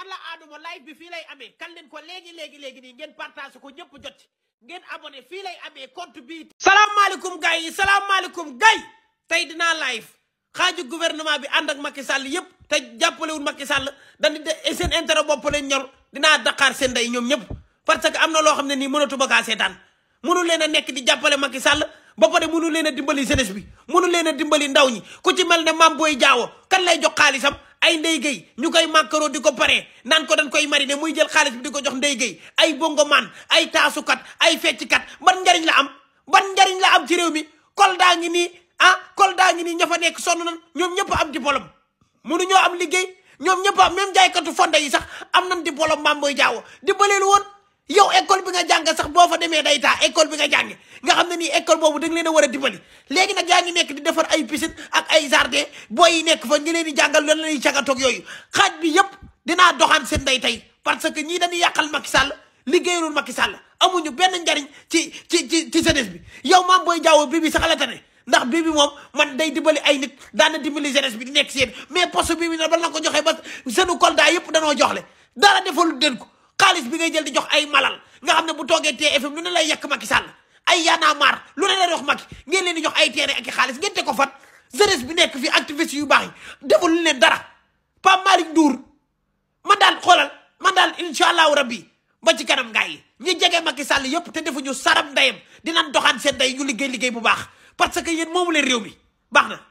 alla aaduma live bi fii lay amee kan leen ko léegi léegi léegi nii ngeen partage ko ñëpp jot ngeen abonné fii lay amee compte bi salaamaaleykum gars yi salaamaaleykum gars yi tey dinaa live xaaju gouvernement bi ànd ak Macky Sall yëpp te jàppalewul Macky Sall dañu de seen intérêt bopp leen ñor dinaa daqaar seen ndey ñoom ñëpp parce que am na loo xam ne nii mënatuma kaa seetaan mënu leen a nekk di jàppale Macky Sall ba pare mënu leen a dimbali jeunesse bi mënu leen a dimbali ndaw ñi ku ci mel ne Mame Boye Diao kan lay jox xaalisam ay Ndeye ñu koy màkkaroo di ko pare nan ko dañ koy mariner muy jël xaalis bi di ko jox Ndeye Gueye ay bongoman ay taasukat ay fecckat ban njariñ la am ban njariñ la am ci réew mi Kolda ngi nii ah Kolda ngi nii ña fa nekk sonn nan ñoom ñëpp am diplôme mënuñoo am liggéey ñoom ñëpp am même jaaykatu fonde yi sax am nan diplôme Mame Boye Diao di baleen woon yow école demee day taa école bi nga jàngi nga xam na ni école boobu da nga leen a war a dimbali léegi nag yaa ngi nekk di defar ay piscine ak ay jardin booy yi nekk fa ngi leen di jàngal lan lañuy cagatoog yooyu xaaj bi yëpp dinaa doxaan seen day tey parce que ñii dañuy yàqal Macky Sall liggéeyalul Macky Sall amuñu benn njariñ ci ci ci ci bi yow maam booy jaawo bi bi sax la tane ndax bii bi moom man day dibali ay nit daana dimbali jeunesse bi di nekk si mais poste bi bi na ba na ko joxee ba seenu Kolda yëpp danoo joxle dara defalul den ko xaalis bi ngay jël di jox ay malal nga xam ne bu toogee tee TFM lu ne lay yekk Macky Sall ay yaanaa maar lu ne lay wax Macky ngeen leen di jox ay terrain ak i xaalis ngeen te ko fat jeunesse bi nekk fi activiste yu baax yi deful lu leen dara Pape Malick Ndour man daal xoolal man daal incha allahu rabbi ba ci kanam gaay yi ñi jege Macky sàll yëpp te defuñu saram ndeyam dinañ doxaan seen day ñu liggéey liggéey bu baax parce que yéen moomu leen réew mi baax na.